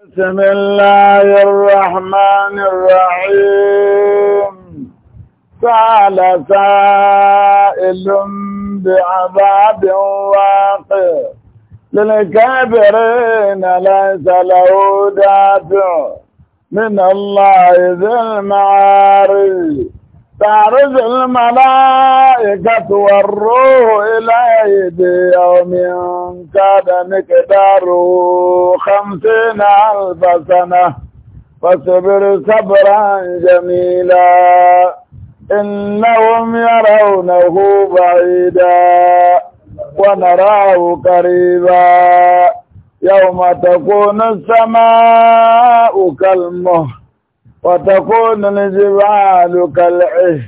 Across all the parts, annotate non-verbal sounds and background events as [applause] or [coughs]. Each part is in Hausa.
بسم الله الرحمن الرحيم سأل سائل بعذاب واقع للكافرين ليس له دافع من الله ذي المعارف تعرج الملائكة والروح إليه بيوم كاد مقداره خمسين ألف سنة فاصبر صبرا جميلا إنهم يرونه بعيدا ونراه قريبا يوم تكون السماء كالمهر وتكون الجبال كالعه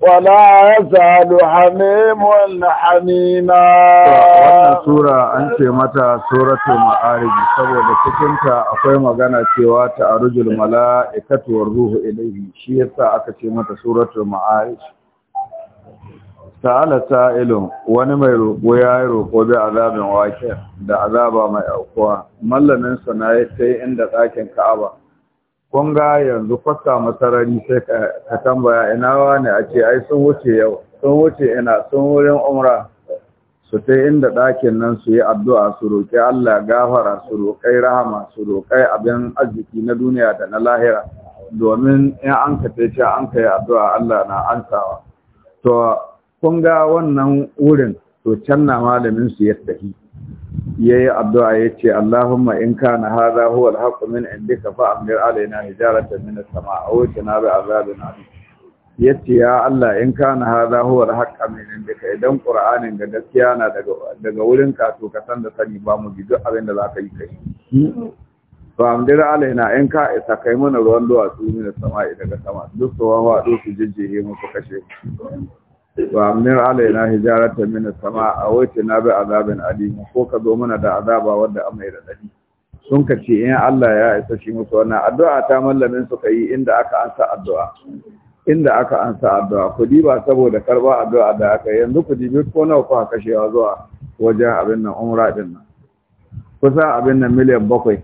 ولا يسأل حميم حميما wannan sura an ce mata suratul ma'arij saboda cikinta akwai magana cewa ta arujul mala'ikatu war ruhu ilayhi shi yasa aka ce mata suratul ma'arij ta'ala sa'ilun wani mai roƙo ya yi roƙo bi azabin wake da azaba mai aukuwa mallamin sa na yi ta inda ɗakin ka'aba kun ga yanzu kwasta masarari sai ka tambaya ina wani a ce ai sun wuce yau sun wuce ina sun wurin umra su ta inda ɗakin nan su yi addu'a su roƙi Allah gafara su roƙai rahama su roƙai abin arziki na duniya da na lahira domin in an ka ce an ka yi addu'a Allah na ansawa to kun ga wannan wurin to can na malamin su ya tafi yayi addu'a yace Allahumma in kana hadha huwa al-haqqu min indika fa amdir alaina hijaratan min as-sama' aw tina bi azabin alim yace ya Allah in kana hadha huwa al-haqqu min indika idan qur'anin ga gaskiya na daga daga wurin ka to ka san da sani ba mu bi duk abin da zaka yi kai fa amdir alaina in ka isa kai mana ruwan duwatsu min as-sama' daga sama duk tsawon wa su jijjihe mu kashe mu wa amir alaina hijarata min sama a wace na bi azabin alim ko ka zo mana da azaba wanda a mai radadi sun ka ce in Allah ya isa shi musu wannan addu'a ta mallamin su kai inda aka ansa addu'a inda aka ansa addu'a ku ba saboda karba addu'a da aka yanzu ku dibi ko nawa aka kashewa zuwa wajen abin nan umra din nan kusa abin nan miliyan bakwai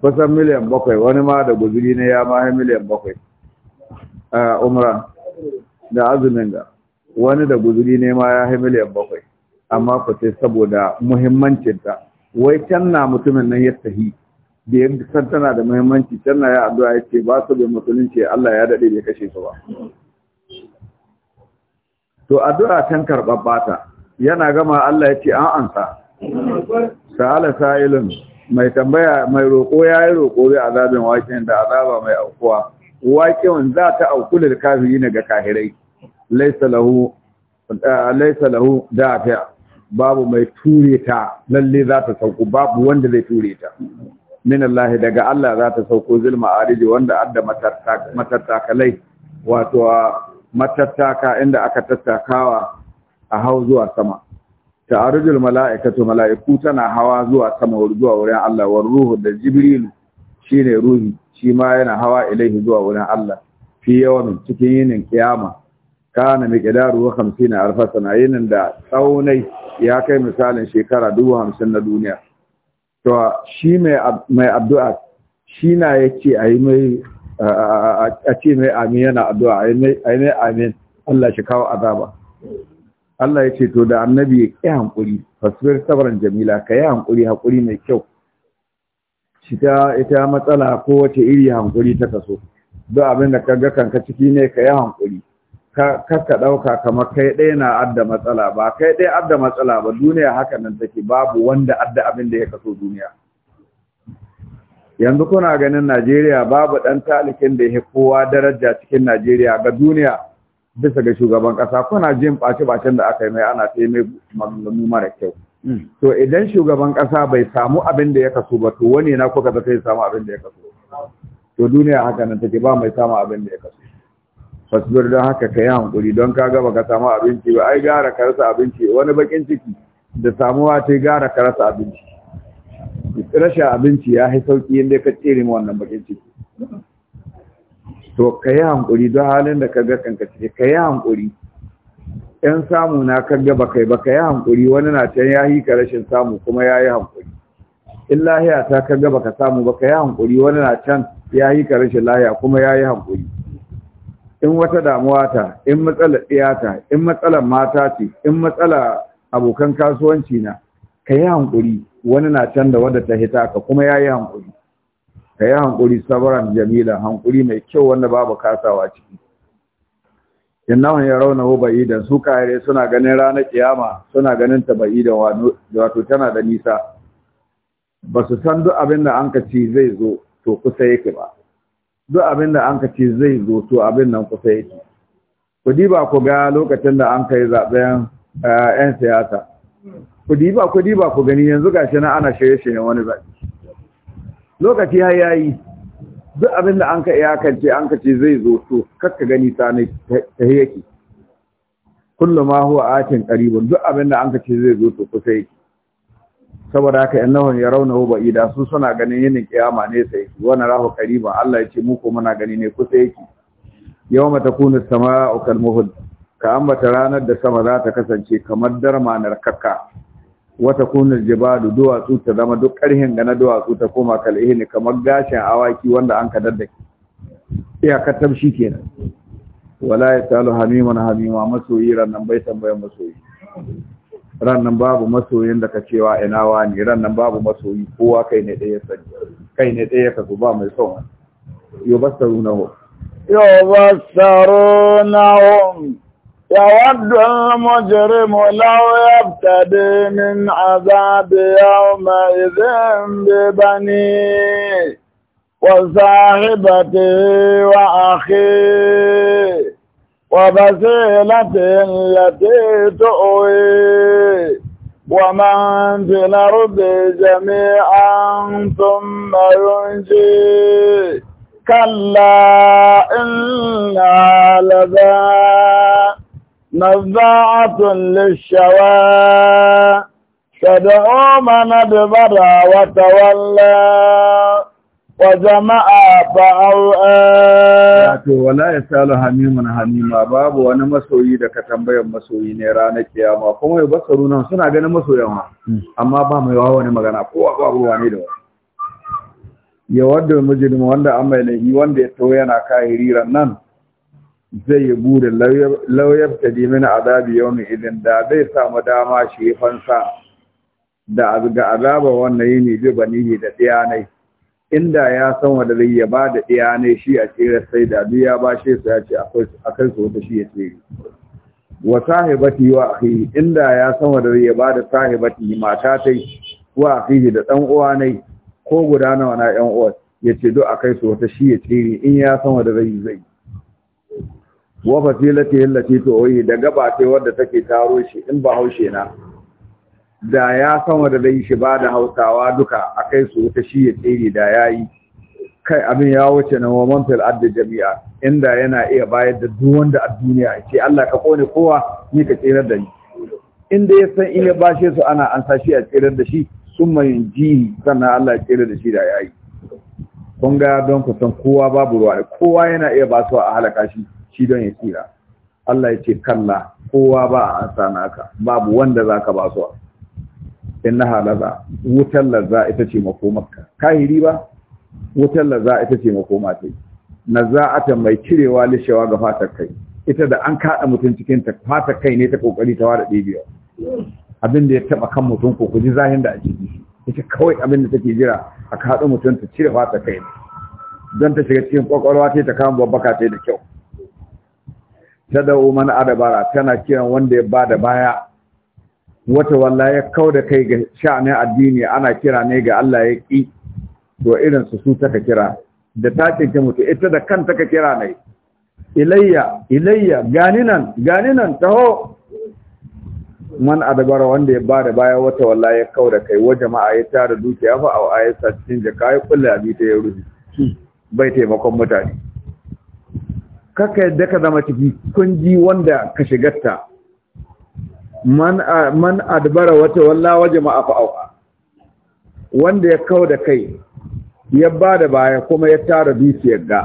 kusan miliyan bakwai wani ma da guzuri ne ya ma miliyan bakwai umra da azumin ga wani da guzuri ne ma ya miliyan bakwai amma ku sai saboda muhimmancinta wai can na mutumin nan ya sahi da ya san tana da muhimmanci can na ya addu'a ya ce ba su bai musulunci Allah ya daɗe bai kashe su ba to addu'a can karɓar bata yana gama Allah ya ce an ansa sa'ala sa'ilun mai tambaya mai roƙo ya yi roƙo bai azabin wakin da azaba mai aukuwa waqi'un za ta aukulil kafirin ga kahirai laysa lahu laysa lahu dafi' babu mai ture ta lalle za ta sauko babu wanda zai ture ta min Allah daga Allah za ta sauko zulma ariji wanda adda matattakalai wato matattaka inda aka tattakawa a hawo zuwa sama arjul mala'ikatu mala'iku tana hawa zuwa sama zuwa wurin Allah war ruhu da jibril shine ruhi shi ma yana hawa ilaihi zuwa wurin Allah fi yawan cikin yinin kiyama kana miqdaru 50 alf sana yinin da tsaunai ya kai misalin shekara 50 na duniya to shi mai mai addu'a shi na yake ayi mai a ce mai amin yana addu'a ayi mai amin Allah shi kawo azaba Allah ya ce to da annabi ya ki hankuri fasbir sabran jamila ka yi hankuri hakuri mai kyau Cita ita matsala kowace iri hankuri ta kaso duk abin da ka ga kanka ciki ne ka yi hankuri ka ka ɗauka kamar kai ɗaya na adda matsala ba kai ɗaya adda matsala ba duniya haka nan take babu wanda adda abin da ya kaso duniya yanzu kuna ganin Najeriya babu ɗan talikin da ya kowa daraja cikin Najeriya ga duniya bisa ga shugaban ƙasa kuna jin ɓace-ɓacen da aka yi mai ana ta yi mai mara kyau Hmm. to idan shugaban kasa bai samu abin da ya kaso ba to wani na kuka zata ya samu abin da ya kaso to duniya haka nan take ba mai samu abin da ya kaso fasbir don haka ka yi hankuri don ka gaba ka samu abinci ba ai gara ka rasa abinci wani bakin ciki da samuwa ta gara ka rasa abinci rashin abinci ya yi sauki inda ka tsere ma wannan bakin ciki to ka yi hankuri don halin da ka ga kanka ciki ka yi hankuri yan samu na kaga ba kai ba ka yi hankuri wani na can ya yi ka rashin samu kuma ya yi hankuri in lahiya ta kaga baka ka samu ba ka yi hankuri wani na can ya yi ka rashin lahiya kuma ya yi hankuri in wata damuwa ta in matsalar ɗiyata in matsalar mata ce in matsala abokan kasuwanci na ka yi hankuri wani na can da wadda ta hita ka kuma ya yi hankuri ka yi hankuri sabaran jamila hankuri mai kyau wanda babu kasawa ciki innahum yarawnahu ba'idan su kare suna ganin ranar kiyama suna ganin ta ba'idan wato tana da nisa ba su san duk abin da anka ci zai zo to kusa yake ba duk abin da anka ci zai zo to abin nan kusa yake ku diba ku ga lokacin da an kai zaben yan eh, siyasa ku diba ku diba ku gani yanzu gashi na ana shirye-shiryen wani zaɓe lokaci har yayi duk abin da an ka iyakance an ka ce zai zo to kakka gani ta ta yake kullum ma huwa atin qaribun duk abin da an ka ce zai zo to kusa yake saboda haka annahum yarawnahu ba'ida su suna ganin yinin kiyama ne sai yake wannan rahu qariban Allah ya ce mu ko muna gani ne kusa yake yawma takunu as-samaa'u kal muhd ka ta ranar da sama za ta kasance kamar darma narkaka wata kunar Jibadu, duwatsu ta zama duk ƙarhin ga na duwatsu ta koma kal'ihini kamar gashin awaki wanda an kadar da ke iyakar ke nan. wala ya talo hamiman hamima masoyi rannan bai tambayan masoyi rannan babu masoyin da ka cewa ina wani rannan babu masoyi kowa kai ne ɗaya sani kai ne ɗaya ka ba mai son wani yau bastaru na hu yau bastaru na hu يود المجرم لو يبتدي من عذاب يومئذ ببنيه وصاحبته وأخيه وبسيلته التي تؤويه ومن في الأرض جميعا ثم ينجي كلا إلا لذا نزاعة للشواء تدعو من ادبر وتولى وجما'a fa'awa. Wato, wala ya salu hamimun hamima babu wani masoyi da ka tambayar masoyi ne ranar kiyama, kuma ya basaru nan suna ganin masoyan ma. amma ba mai yawa wani magana kowa ba ruwa ne da wa. Ya wadda mujirma wanda an mai wanda ya tau yana kai riran nan, zai yi burin lauyar ta dimina azabi yau mai idin da zai samu dama shi ya fansa da ga azaba wannan ne bi banihi da ɗiyanai inda ya san wanda zai ya ba da ɗiyanai shi a tsirar sai da duk ya ba shi su ya ce a kai su wata shi ya tsiri wa sahibati wa akhihi inda ya san wanda zai ya ba da sahibati mata tai wa akhihi da dan uwa ko guda nawa na yan uwa ya ce duk a kai su wata shi ya tsiri in ya san wanda zai zai wa fasilati allati tuwi da gaba sai wanda take taro shi in ba haushe na da ya san wanda dai shi ba da hausawa duka akai su ta shi ya tsere da yayi kai abin ya wuce na waman fil adda jami'a inda yana iya bayar da duk wanda a duniya ce Allah ka kone kowa ni ka tsere da ni inda ya san in ya bashe su ana an sashi a tsere da shi sun mai ji sannan Allah ya tsere da shi da yayi kun ga don ku san kowa babu ruwa kowa yana iya basuwa a halaka shi shi don ya tsira Allah ya ce kalla kowa ba a ansa naka babu wanda za ka ba su na halaza, wutar laza ita ce makomarka kahiri ba wutar laza ita ce makoma ta naza'atan mai cirewa lishewa ga fatar kai ita da an kada mutum cikin fatar kai ne ta kokari ta wada ɗibiyar abin da ya taba kan mutum ko kuji zahin da ake ji ita kawai abin da take jira a kaɗo mutum ta cire fatar kai don ta shiga cikin kwakwalwa ta ta kama babbaka ta da kyau ta da'u adabara tana kiran wanda ya ba da baya wata walla ya da kai ga sha'anin addini ana kira ne ga Allah ya ƙi, to irin su su taka kira da ta ce mutu ita da kanta ka kira ne ilayya ilayya ganinan ganinan taho man adabara wanda ya ba da baya wata walla ya da kai wa jama'a ya tara dukiya fa a ayata cikin jaka ya kulle abi ta ya rubi bai taimakon mutane kaka yadda ka zama ciki kun ji wanda ka shigarta man man adbara wata walla waje ma auka wanda ya kawo da kai ya ba da baya kuma ya tara dukiyar ga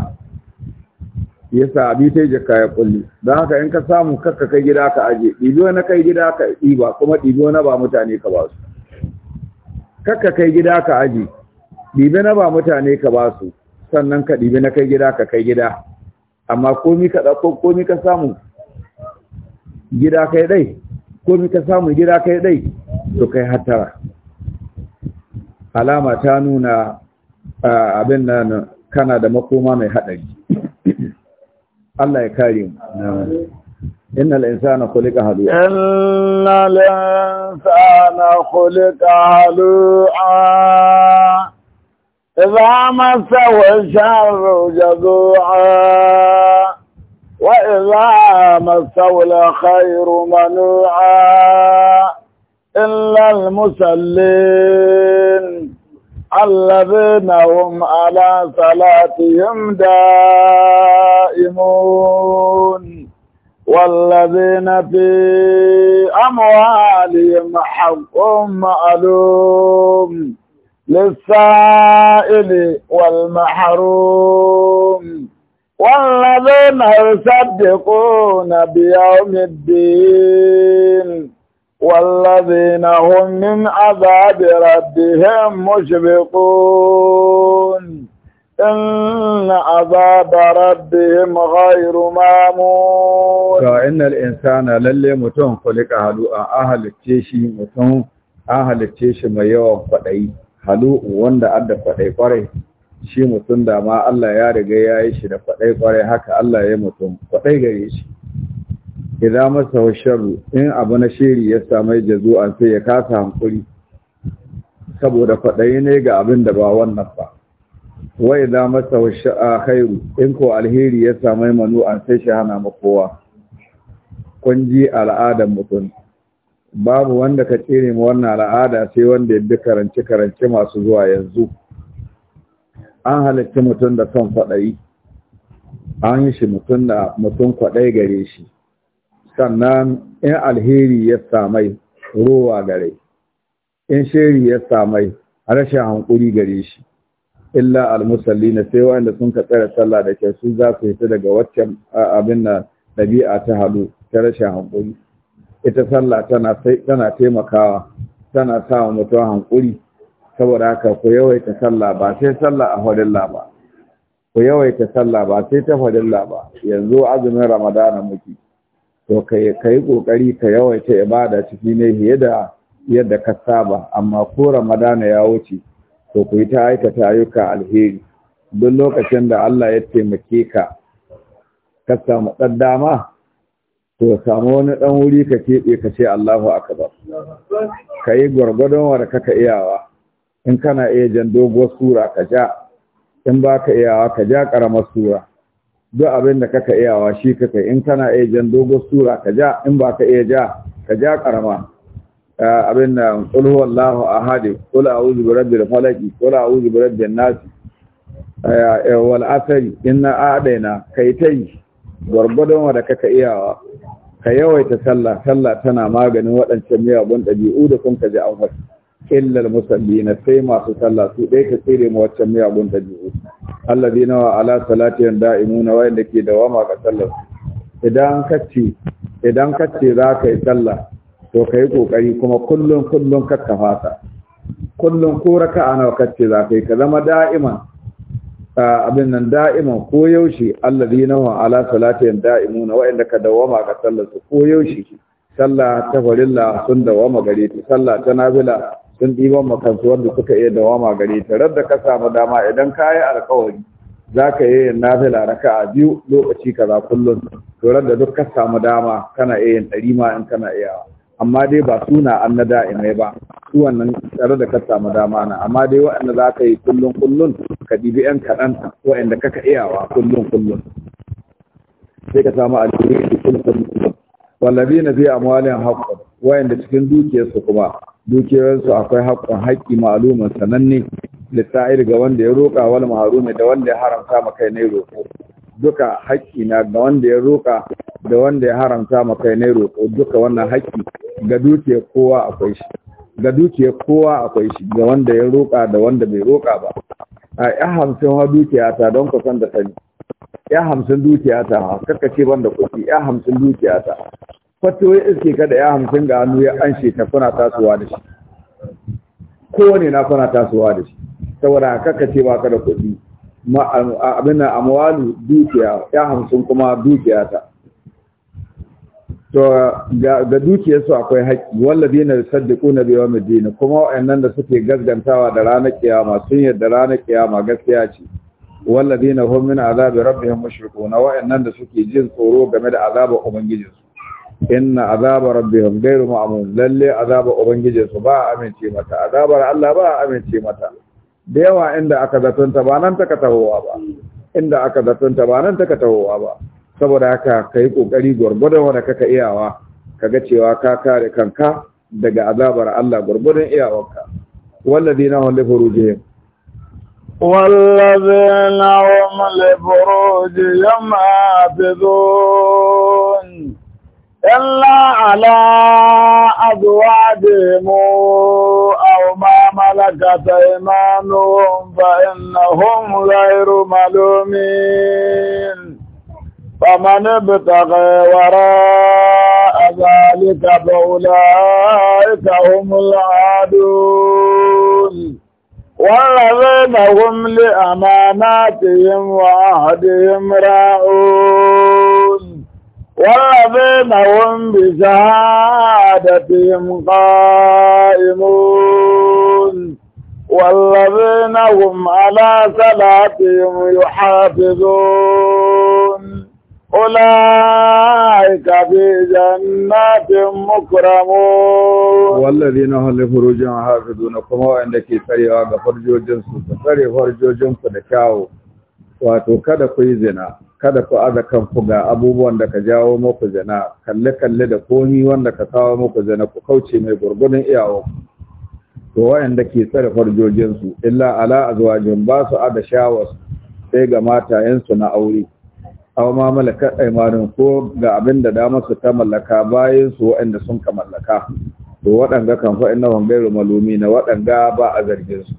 ya sa abi ta jaka ya kulli don haka in ka samu kakka kai gida ka aje ɗibiyo na kai gida ka ɗiba kuma ɗibiyo na ba mutane ka ba su kakka kai gida ka aje ɗibi na ba mutane ka ba su sannan ka ɗibi na kai gida ka kai gida amma komi ka ɗauko komi ka samu gida kai dai komi ka samu gida kai dai to kai hattara alama ta nuna abin nan kana da makoma mai haɗari [coughs] Allah ya kare mu innal insana khuliqa halu'a innal insana khuliqa halu'a إذا مسه الشر جزوعا وإذا مسه الخير منوعا إلا المسلين الذين هم على صلاتهم دائمون والذين في أموالهم حق معلوم للسائل والمحروم والذين يصدقون بيوم الدين والذين هم من عذاب ربهم مشفقون إن عذاب ربهم غير مامون فإن الإنسان للي متون خلق أهل أهل التشي متون أهل التشي ما يوم halu wanda adda faɗai kwarai shi mutum da ma Allah ya riga ya yi shi da faɗai kwarai haka Allah ya mutum faɗai gare shi idan masa sharru in abu na shiri ya samu an sai ya kasa hankuri saboda faɗai ne ga abin da ba wannan ba wa idan masa khairu in ko alheri ya samu manu'an sai shi hana ma kowa kun ji al'adan mutum babu wanda ka tsere mu wannan al'ada sai wanda ya bi karance karance masu zuwa yanzu an halitta mutum da son kwaɗayi an yi shi mutum da mutum kwaɗai gare shi sannan in alheri ya samai rowa gare in sheri ya samai rashin hankuri gare shi illa almusalli na sai wanda sun ka tsare sallah da kyau su za su fita daga waccan abin da ɗabi'a ta halu ta rashin hankuri ita sallah tana taimakawa tana sa wa mutum hankuri saboda haka ku yawaita sallah ba sai sallah a farilla ba ku yawaita sallah ba sai ta farilla ba yanzu azumin ramadana muke to kai kai kokari ka yawaita ibada ciki ne fiye da yadda ka saba amma ko ramadana ya wuce to ku yi ta aikata ayyuka alheri duk lokacin da Allah ya taimake ka ka samu dama to samu wani ɗan wuri ka keɓe ka ce Allahu akbar ka yi gwargwadon da kaka iyawa in kana iya jan doguwar sura ka ja in ba ka iyawa ka ja ƙaramar sura duk abin da kaka iyawa shi kaka in kana iya jan doguwar sura ka ja in ba ka iya ja ka ja ƙarama abin da qul huwallahu ahad qul a'udhu birabbil falaq qul a'udhu birabbin nas wal asr inna a'dayna kai tai gwargwadon wa da kaka iyawa ka yawaita sallah sallah tana maganin waɗancan miyagun ɗabi'u da kun ka ji an wasu illal musalli na sai masu sallah su ɗaya ka tsere ma waccan miyagun ɗabi'u Allah zai nawa ala salatiyan da'imu na wayanda ke dawama ka sallar idan kacce idan ce za ka yi sallah to ka yi ƙoƙari kuma kullum kullum kakka fata kullum ko raka'a nawa kacce za ka yi ka zama da'iman abin nan da'iman ko yaushe allazi nahu ala salatin da'imuna wa'inda ka dawama ga sallar su ko yaushe sallah ta farilla sun dawama gare ta sallah ta nafila sun diban makansu wanda suka iya dawama gare ta radda ka samu dama idan ka yi alkawari za ka yi nafila a biyu lokaci kaza kullum to radda duk ka samu dama kana iya yin ɗari ma in kana iyawa amma dai ba suna an na da'imai ba su wannan tsare da ka samu dama na amma dai waɗanda za ka yi kullum kullum ka ɗibi yan kaɗan waɗanda kaka iyawa kullum kullum sai ka samu alheri da kullum kullum wallabi na biya amwalin haƙƙon waɗanda cikin dukiyarsu kuma dukiyarsu akwai haƙƙon haƙƙi ma'alumin sananne litta'ir ga wanda ya roƙa wani maharumi da wanda ya haramta ma kai ne roƙo duka haƙƙi na ga wanda ya roƙa da wanda ya haramta ma kai ne roƙo duka wannan haƙƙi ga dukiyar kowa akwai shi ga dukiyar kowa akwai shi ga wanda ya roƙa da wanda bai roƙa ba a ya hamsin ha dukiya ta don san da sani ya hamsin dukiya ta ha kaka ce banda kuɗi ya hamsin dukiya ta fato ya iske ka da ya hamsin ga hannu ya anshe ta kuna tasowa da shi kowane na kuna tasowa da shi saboda kaka ce baka da kuɗi abin amwalu dukiya ya hamsin kuma dukiya ta to ga dukiyarsu akwai haƙƙi wallazi na saddiqu na biyo madina kuma waɗannan da suke gaskantawa da ranar kiyama sun yadda ranar kiyama gaskiya ce wallazi na hum rabbi ya rabbihim mushrikuna waɗannan da suke jin tsoro game da azabar ubangijinsu inna azaba rabbihim ghayru ma'mun lalle azaba ubangijinsu ba a amince mata azabar Allah ba a amince mata da yawa inda aka zatunta ba nan taka tahowa ba inda aka zatunta ba nan taka tahowa ba saboda haka ka yi ƙoƙari gwargwadon wanda kaka iyawa ka ga cewa ka kare kanka daga azabar Allah gwargwadon iyawarka wallazi na wani furujihim والذين هم da حافظون إلا على أزواجهم أو ما ملكت إيمانهم فإنهم غير ملومين ومن ابتغي وراء ذلك فأولئك هم العادون والذين هم لأماناتهم وعهدهم راعون والذين هم بشهادتهم قائمون والذين هم على صلاتهم يحافظون أولئك في جنات مكرمون والذين هم لفروجهم حافظون كما عندك سريعا فرجو جنس سري فرجو da دكاو wato kada ku yi zina kada ku aza kanku ga abubuwan da ka jawo muku zina kalle kalle da komi wanda ka kawo muku zina ku kauce mai gurgudun iyawo to wayanda ke tsare farjojinsu illa ala azwajin ba su ada shawar sai ga su na aure aw ma malakat aymanun ko ga abin da dama su ta mallaka bayan su waɗanda sun ka mallaka to waɗanga kan fa inna hum ghayru na waɗanga ba a zargin su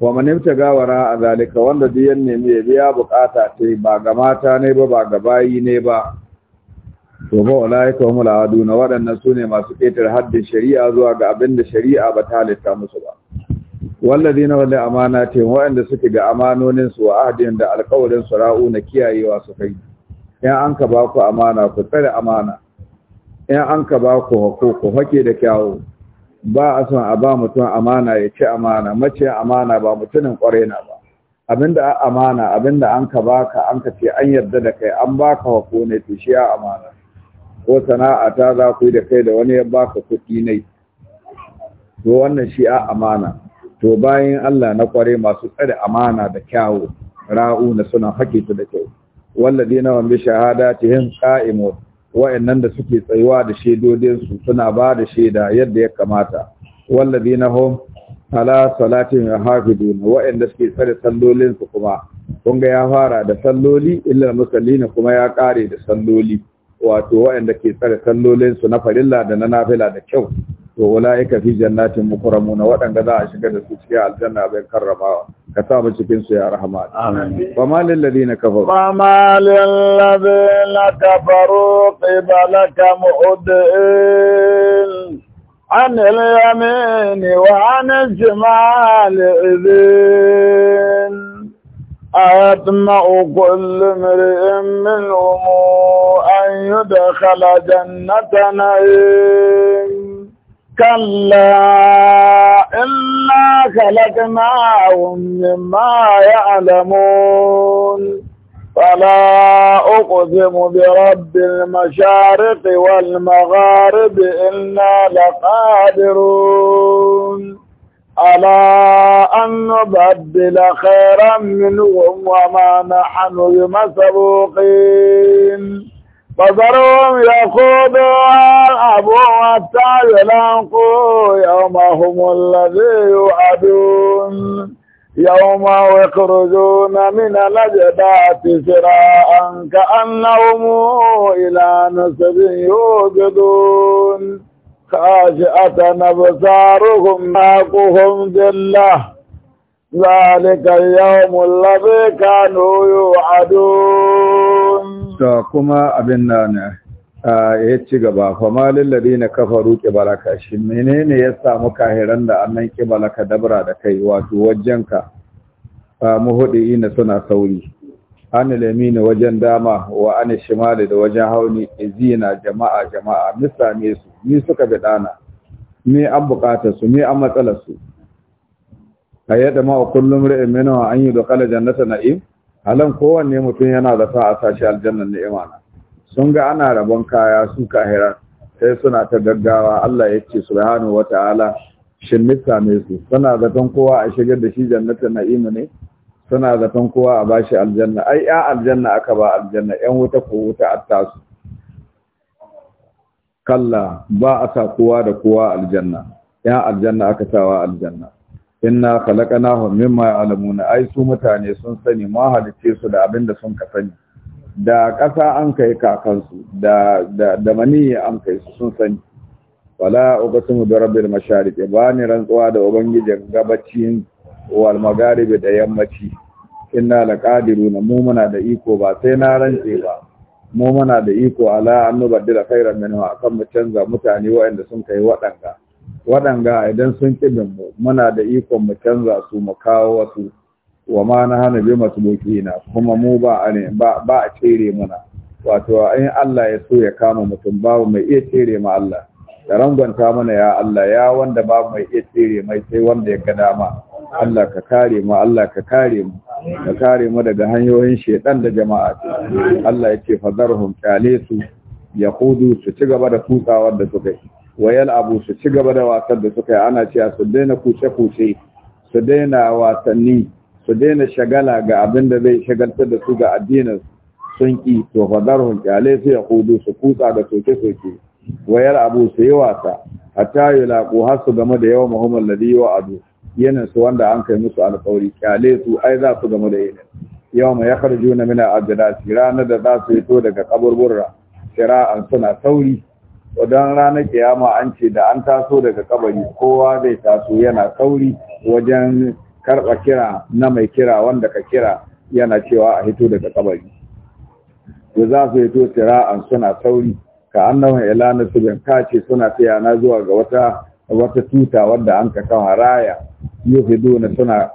wa man ibtaga gawara, a zalika wanda duk yan nemi ya biya bukata ce ba ga mata ne ba ba ga bayi ne ba to ba ko mulawadu aduna waɗannan sune masu ƙetare haddin shari'a zuwa ga abin da shari'a ba ta halitta musu ba wallazi na wani amana ce, wa'anda suke ga amanonin su wa ahdin da alƙawarin su ra'u na kiyayewa su kai in an ka ba amana ku tsare amana in an ka ba ku hako hake da kyawu ba a son a ba mutum amana ya ci amana mace amana ba mutumin ƙware na ba abinda amana abinda an ka baka an ka ce an yarda da kai an baka hako ne to shi amana ko sana'a ta za ku yi da kai da wani ya baka kuɗi ne to wannan shi amana to bayan Allah na kware masu tsare amana da kyawu ra'u na suna hakita ta da kyau walladina wa bi shahadatihim qa'imun wa'annan da suke tsayuwa da shedodin su suna ba da sheda yadda ya kamata walladina hum ala salatin hafidun wa'anda suke tsare sallolin su kuma kun ga ya fara da salloli illa musallina kuma ya kare da salloli wato waɗanda ke tsare sallolin su na farilla da na nafila da kyau to ulaika fi jannatin mukramuna wadanda za a shiga da su cikin aljanna bai karramawa ka sa mu cikin su ya rahama amin fama lil ladina kafaru fama lil ladina kafaru qibalaka muhdin an al yamin wa an al jamal idin آياتنا كل امرئ منهم أن يدخل جنة نعيم كلا إلا خلقناهم مما يعلمون فلا أقسم برب المشارق والمغارب إنا لقادرون ألا أن نبدل خيرا منهم وما نحن بمسبوقين فذرهم يخوضوا أبوا حتى يلاقوا يومهم الذي يوعدون يوم يخرجون من الأجداث سراء كأنهم إلى نسب يوجدون خاشعة أبصارهم ناقهم ذلة ذلك اليوم الذي كانوا يوعدون كما أبنا ya ci gaba famalin kafa kafaru kibalaka shi menene ya samu kahiran da annan kibalaka dabra da kai wato wajenka muhudi ina suna sauri lami ne wajen dama wa shimali da wajen hauni izina jama'a jama'a misame su ni suka ga dana ni an bukata su ni an matsalar su da ma kullum ra'in minhu an yi kala jannata na'im halan kowanne mutum yana da sa a sashi aljannan ni'ima na sun ga ana rabon kaya su kahira sai suna ta gaggawa Allah ya ce subhanahu wata'ala shin nisa ne su suna zaton kowa a shigar da shi jannata na'im ne suna zaton kowa a bashi aljanna ai ya aljanna aka ba aljanna yan wuta ko wuta attasu kalla ba a sa kowa da kowa aljanna yan aljanna aka sawa aljanna inna khalaqnahum mimma ya'lamun ai su mutane sun sani ma halice su da abin da sun ka sani da ƙasa an kai kakansu da da da mani an kai su sun sani wala ubatumu bi rabbil mashariq ba ni rantsuwa da ubangijin gabaci wal magharibi da yammaci inna laqadiruna mu muna da iko ba sai na rantse ba mu muna da iko ala an nubaddila khairan minhu akan mu canza mutane wa'anda sun kai wadanga wadanga idan sun kibin mu muna da ikon mu canza su mu kawo wasu wa ma na hana bi masulukina kuma mu ba ba ba a cere muna wato in Allah ya so ya kama mutum babu mai iya cere ma Allah da rangwanta mana ya Allah ya wanda babu mai iya cere mai sai wanda ya ga dama Allah ka kare mu Allah ka kare mu ka kare mu daga hanyoyin shedan da jama'a Allah ya ce fadarhum qalisu yaqudu su ci gaba da kutsawa da suka yi wayal abu su ci gaba da wasan da suka yi ana cewa su daina kuce kuce su daina wasanni su daina shagala ga abin da zai shagaltar da su ga addinin sun ki to fadarhum qalisu yaqudu su kutsa da soke soke wayal abu su yi wasa hatta yulaqu hasu game da yawan alladhi wa'adu wa yanin su wanda an kai musu alƙawari kyale su ai za su gamu da yanin yau mai ya karju na mina shi ranar da za su to daga kaburburra shira'an suna sauri wadan ranar kiyama an ce da an taso daga kabari kowa zai taso yana sauri wajen karɓa kira na mai kira wanda ka kira yana cewa a hito daga kabari da za su hito shira'an suna sauri ka annahu su bin kace suna tayana zuwa ga wata wata tuta wadda an ka kawo yau yufiduna suna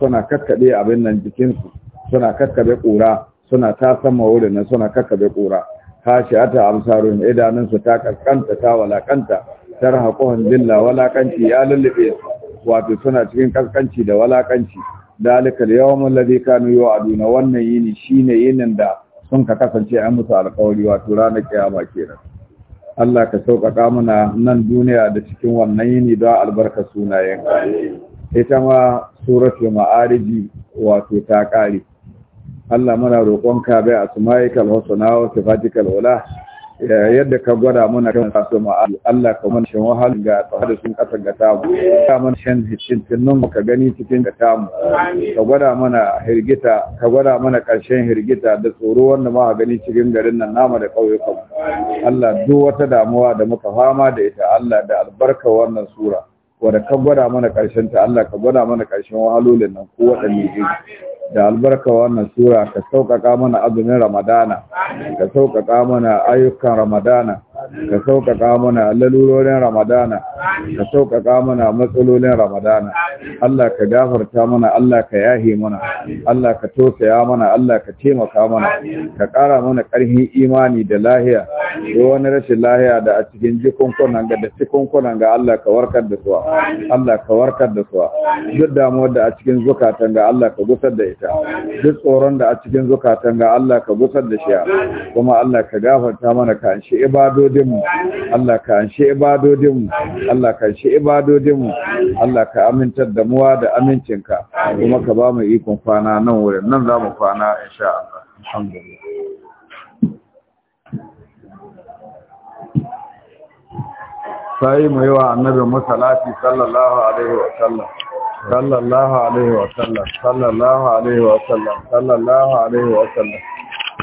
suna kakkaɓe abin nan jikinsu suna kakkaɓe kura suna ta sama na suna kakkaɓe shi ata khashi'ata absarun idanunsu ta kaskanta ta walakanta tarhaquhum billa walakanci ya lullube wato suna cikin kaskanci da walakanci dalika al-yawm alladhi kanu Aduna, wannan yini shine yinin da sun ka kasance an musu alƙawari wato ranar kiyama kenan Allah ka sauƙaƙa mana nan duniya da cikin wannan yini don albarka sunayen ita ma suratul ma'ariji wato ta ƙare Allah muna roƙonka bai asma'ikal husna wa sifatikal ula yadda ka gwada mana kan sasu ma'adu Allah ka mana shan wahal ga tsada sun kasa ga tamu ka mana shan nan ka gani cikin ga tamu ka gwada mana hirgita ka gwada mana ƙarshen hirgita da tsoro wanda ma gani cikin garin nan nama da ƙauyukan Allah duk wata damuwa da muka fama da ita Allah da albarka wannan sura wanda ka gwada mana ƙarshen ta Allah ka gwada mana ƙarshen wahalolin nan ko waɗanne ne da albarka wannan sura ka sauƙaƙa mana azumin ramadana ka sauƙaƙa mana ayyukan ramadana ka sauƙaƙa mana lalurorin ramadana ka sauƙaƙa mana matsalolin ramadana Allah ka gafarta mana Allah ka yahe mana Allah ka tosaya mana Allah ka taimaka mana ka ƙara mana ƙarfin imani da lahiya da wani rashin lahiya da a cikin jikunkunan ga da cikunkunan ga Allah ka warkar da su Allah ka warkar da su duk damuwar da a cikin zukatan ga Allah ka gusar da ita duk tsoron da a cikin zukatan ga Allah ka gusar da shi kuma Allah ka gafarta mana ka shi ibado ibadodinmu Allah ka anshe ibadodinmu Allah ka anshe ibadodinmu Allah ka amintar da muwa da amincinka kuma ka ba mu ikon kwana nan wurin nan za mu kwana insha Allah alhamdulillah sai mu yi wa annabi masalati sallallahu alaihi wa sallam sallallahu alaihi wa sallam sallallahu alaihi wa sallam sallallahu alaihi wa sallam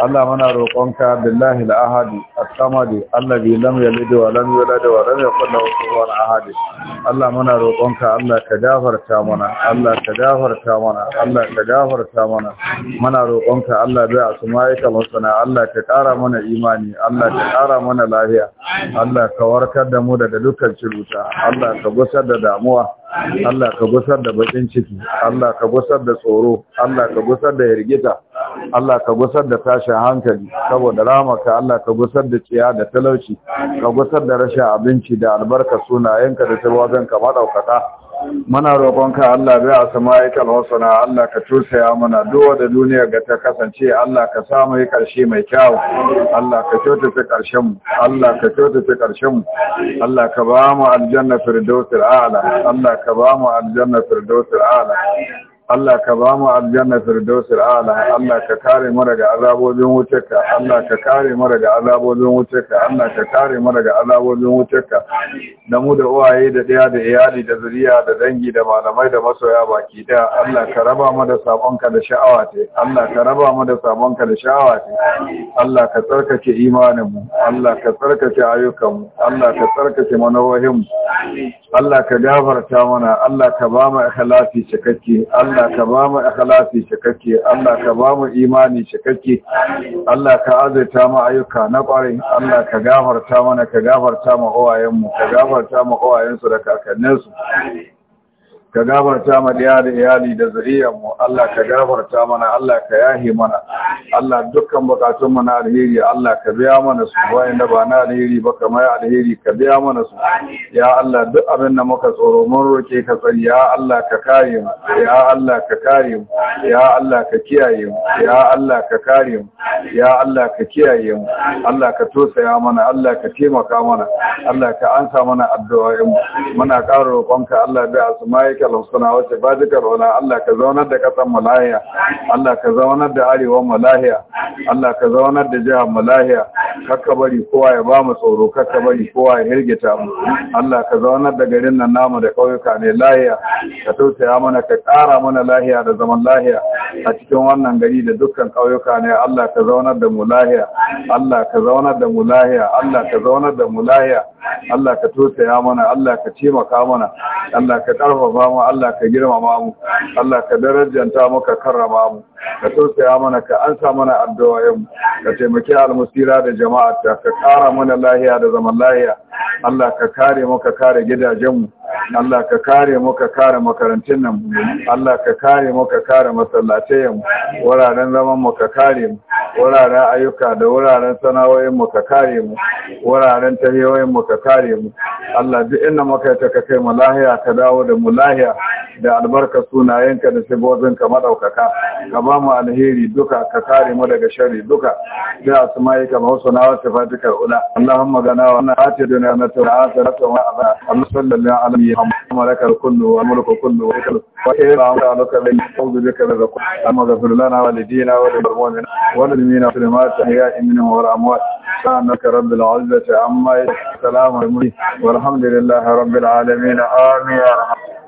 Allah muna roƙonka billahi al-ahadi as-samadi alladhi lam yalid wa lam yulad wa lam yakul lahu kufuwan ahad Allah muna roƙonka Allah ka gafarta mana Allah ka gafarta mana Allah ka gafarta mana muna roƙonka Allah bai asmaika husna Allah ka ƙara mana imani Allah ka ƙara mana lafiya Allah ka warkar da mu daga dukkan ciruta Allah ka gusar da damuwa Allah ka gusar da bakin ciki Allah ka gusar da tsoro Allah ka gusar da yargita Allah ka gusar da tashin hankali saboda ramaka Allah ka gusar da ciya da talauci ka gusar da rashin abinci da albarka sunayenka da tawagan ka maɗaukata. muna roƙonka Allah bai a sama ya kalhosana Allah ka cusaya mana duwa da duniyar ga ta kasance Allah ka samu yi ƙarshe mai kyau Allah ka fi ƙarshen Allah ka fi ƙarshen Allah ka ba mu aljanna firdausul a'la Allah ka ba mu aljanna firdausul a'la Allah ka ba mu aljanna firdausul a'la Allah ka kare mu daga azabobin wutarka Allah ka kare mu daga azabobin wutarka Allah ka kare mu daga azabobin wutarka da mu da uwaye da daya da iyali da zuriya da dangi da malamai da masoya baki da Allah ka raba mu da sabonka da sha'awa ta Allah ka raba mu da sabonka da sha'awa ta Allah ka tsarkake imanin mu Allah ka tsarkake ayyukan mu Allah ka tsarkake manowahin mu Allah ka gafarta mana Allah ka ba mu ikhlasi cikakke Allah Allah ka ba mu ikhlasi cikakke Allah ka ba mu imani cikakke Allah ka azaita mu ayyuka na ƙwarin, Allah ka gafarta mana ka gafarta mu uwayen ka gafarta mu uwayen da kakanninsu. ka gafarta ma da da iyali da zuriyar mu Allah ka gafarta mana Allah ka yahi mana Allah dukkan bukatun mu na alheri Allah ka biya mana su Bayan da ba na alheri ba kamar alheri ka biya mana su ya Allah duk abin da muka tsoro mun roke ka tsari ya Allah ka kare mu ya Allah ka kare mu ya Allah ka kiyaye mu ya Allah ka kare mu ya Allah ka kiyaye mu Allah ka tosaya mana Allah ka taimaka mana Allah ka ansa mana addu'o'in mu muna ƙara roƙonka Allah da asma'i asmaikal wace ba duka ula Allah ka zaunar da kasan malahiya lahiya Allah ka zaunar da arewa malahiya lahiya Allah ka zaunar da jihar malahiya lahiya kakka bari kowa ya ba mu tsoro kakka bari kowa ya hirgita mu Allah ka zaunar da garin nan namu da kauyuka ne lahiya ka tausaya mana ka ƙara mana lahiya da zaman lahiya a cikin wannan gari da dukkan kauyuka ne Allah ka zaunar da mu lahiya Allah ka zaunar da mu lahiya Allah ka zaunar da mu lahiya Allah ka tausaya mana Allah ka taimaka mana Allah ka ƙarfafa mu Allah ka girmama mu Allah ka darajanta mu ka karrama mu ka tausaya mana ka ansa mana addu'o'in mu ka taimaki almusira da jama'a ta ka kara mana lahiya da zaman lahiya Allah ka kare mu ka kare gidajen mu Allah ka kare mu ka kare makarantun nan Allah ka kare mu ka kare masallatayen mu wuraren zaman mu ka kare mu wuraren ayyuka da wuraren sana'o'in mu ka kare mu wuraren tahiyoyin mu ka kare mu Allah duk inda muka ta ka kai mu lahiya ka dawo da mu lahiya lahiya da albarka sunayenka da sabobinka madaukaka ka ba mu alheri duka ka kare mu daga sharri duka da asma'ika wa sunawa sifatika ula allahumma gana wa na ati dunya na tura'a wa aba amma sallallahu alaihi wa sallam malakal kullu wa mulku kullu wa kullu wa ila alaka lin qawdu bika la zakku amma ghafir lana walidina wa lil mu'minin wa lil mu'minina fil mat ahya minhum wa al amwat سبحانك رب العزة عما يصفون السلام والحمد لله رب العالمين آمين